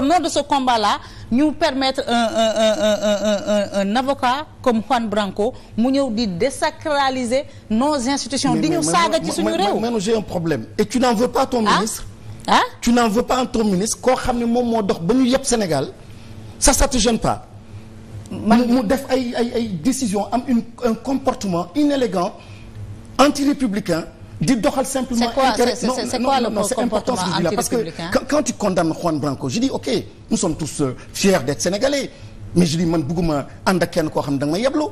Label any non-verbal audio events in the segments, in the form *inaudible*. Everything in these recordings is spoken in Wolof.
au nom de ce combat-là ñu permettre un un un un avocat comme Juan Branco mu ñëw di désacraliser nos institutions. di ñu saaga ci suñu réew. mais mais j'ai un problème. et tu n'en veux pas ton ah? ministre. Ah? tu n'en veux pas ton ministre. koo xam ne moom moo dox ba ñu yëpp Sénégal ça ça te gêne pas. man mu def ay ay ay décisions am une un comportement inélégant anti-républicain. di doxal simplement. intérêt non non non c'est important ce que je dis parce que quand tu condamnes Juan Branco je dis ok nous sommes tous euh, fiers d'être sénégalais mais je dis man bëgguma ànd ak kenn koo xam ne da nga may yeblu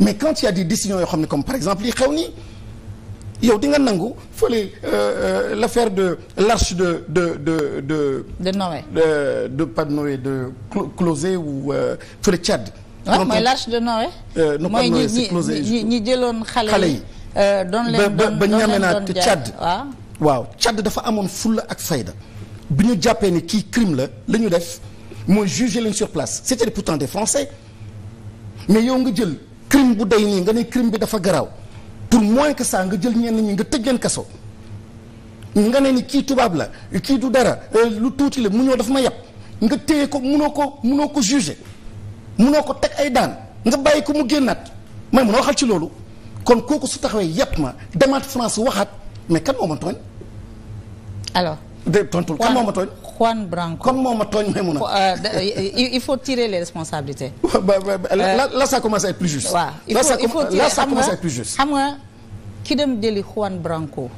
mais quand il y des décisions yoo xam ne comme par exemple yi xew nii yow di nga nangu fële euh, euh, l'affaire de l'arche de de de de. de Noé de de de Noé de Closé ou fële Tchad. waaw l'arche de Noé. mooy ñi ñi ñi jëloon xale yi. Euh, doon leen doon ba ñame naa te Tchad waaw Tchad dafa amoon fulla ak fayda bi ñu jàppee ni kii crime la la ñu def mooy jugé leen sur place c'était pourtant des Français mais yow nga jël crime bu day nii nga ne crime bi dafa garaaw pour moins que ça nga jël ñenn ñi nga tëj leen kaso nga ne ni kii tubaab la kii du dara euh, lu tuuti la mu ñëw dafa ma yàpp nga téye ko munoo ko munoo ko jugé munoo ko teg ay daan nga bàyyi ko mu génnaat may mun a waxal ci loolu kon kooku su taxawee yépp ma demaat France waxaat mais kan moo ma tooñ. alors de tontul kan moo ma tooñ. Juan Branco kon moo ma tooñ may mun a. il faut tirer les responsabilités. là *laughs* euh, là ça commence plus juste. waaw il faut il xam nga plus juste. xam nga ki dem jëli Juan Branco.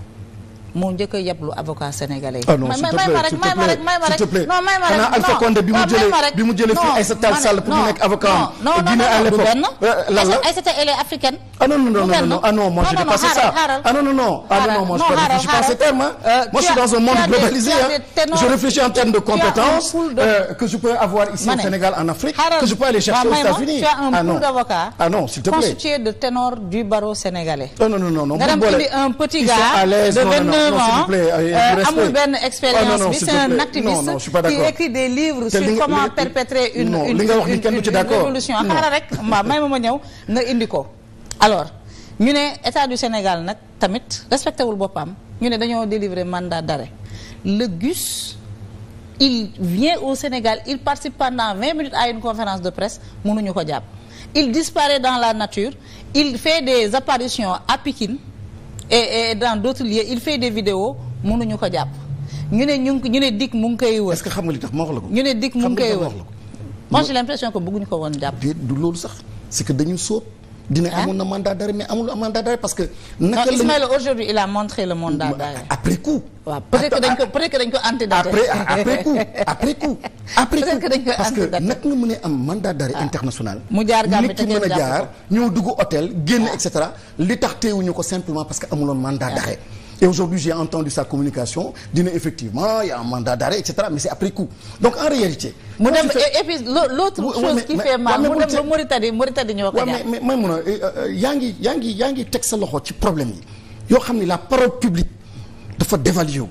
moo njëkk a yablu avocat sénégalais yi. ah non s'il te plaît s'il te plaît non may ma rek xanaa Alpha Condé bi mu jëlee bi mu jëlee fii Aïssata Tall Sall pour mu nekk avocat Guinée à l'époque euh, lan la Aïssata elle est africaine. ah non non non non ah non moi j'ai dépassé ça ah non non non ah non moi je pas ces termes euh, moi je suis dans un monde globalisé je réfléchis en termes de compétences euh, que je peux avoir ici au Sénégal en Afrique que je peux aller chercher aux États-Unis ah non ah non s'il te plaît constitué de ténor du barreau sénégalais. non non non non bu boole ils sont à l'aise non non 19 ans euh, amul benn oh, expérience bi c'est un activiste qui écrit des livres sur comment perpétrer une une une révolution xaaral rek ma ma ma ñëw nga ko alors ñu ne état du Sénégal nag tamit respecté wul boppam ñu ne dañoo délivrer mandat d'arrêt le GUS il vient au Sénégal il participe pendant 20 minutes à une conférence de presse mënuñu ko jàpp il disparaît dans la nature il fait des apparitions à Pikine et et dans d'autres lieux il fait des vidéos mënuñu ko jàpp ñu ne ñu ñu ne dikk mu ngi koy wër. est-ce xam nga li tax ma wax la ko. ñu ne dikk mu ngi koy wër moi ko woon jàpp. du loolu sax c'est que dañu sóob. na mandat d'arrêt mais amul mandat d'arrêt parce que. naka la Ismaïla aujourd'hui il a montré le mandat d'arrêt. après coup. waaw peut que dañ ko peut que dañ ko antédaté. après après coup après coup. après que parce que nag nga mën a am mandat d'arrêt ah. international. mu jaar gaa ki a jaar ñëw dugg hôtel génn ah. et cetera li tax teewuñu ko simplement parce que amuloon mandat ah. d'arrêt et aujourd'hui j'ai entendu sa communication dina effectivement il y a un mandat d'arrêt et cetera mais c'est après coup donc en réalité. mu dem et puis l'autre chose qui fait mal euh, euh, yaa ngi yaa ngi yaa ngi teg sa loxo ci problème yi yoo xam ne la parole publique dafa dévalué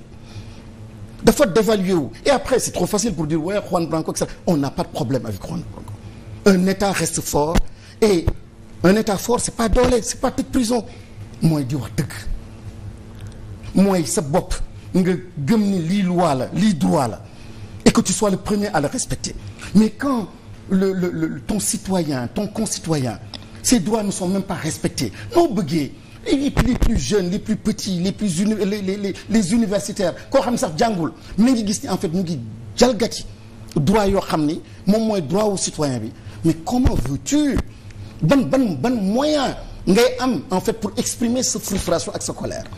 dafa dévalué wu et après c'est trop facile pour dire ouais Juan Branco etc on n'a pas de problème avec Juan Branco un état reste fort et un état fort c'est pas doole c'est pas tëj prison mooy di wax dëgg sa bopp nga gëm ni lii loi la lii droit la et que tu sois le premier à le respecter mais quand le le, le ton citoyen ton concitoyen ses droits ne sont même pas respectés noo bëggee les les plus jeunes les plus petits les plus uni les les les universitaires koo xam ne sax jàngul mi ngi gis ni en fait mu ngi jalgati droit yoo xam ni moom mooy droit wu citoyen bi mais comment veux-tu ban ban ban moyen ngay am en fait pour exprimer sa frustration ak sa colère.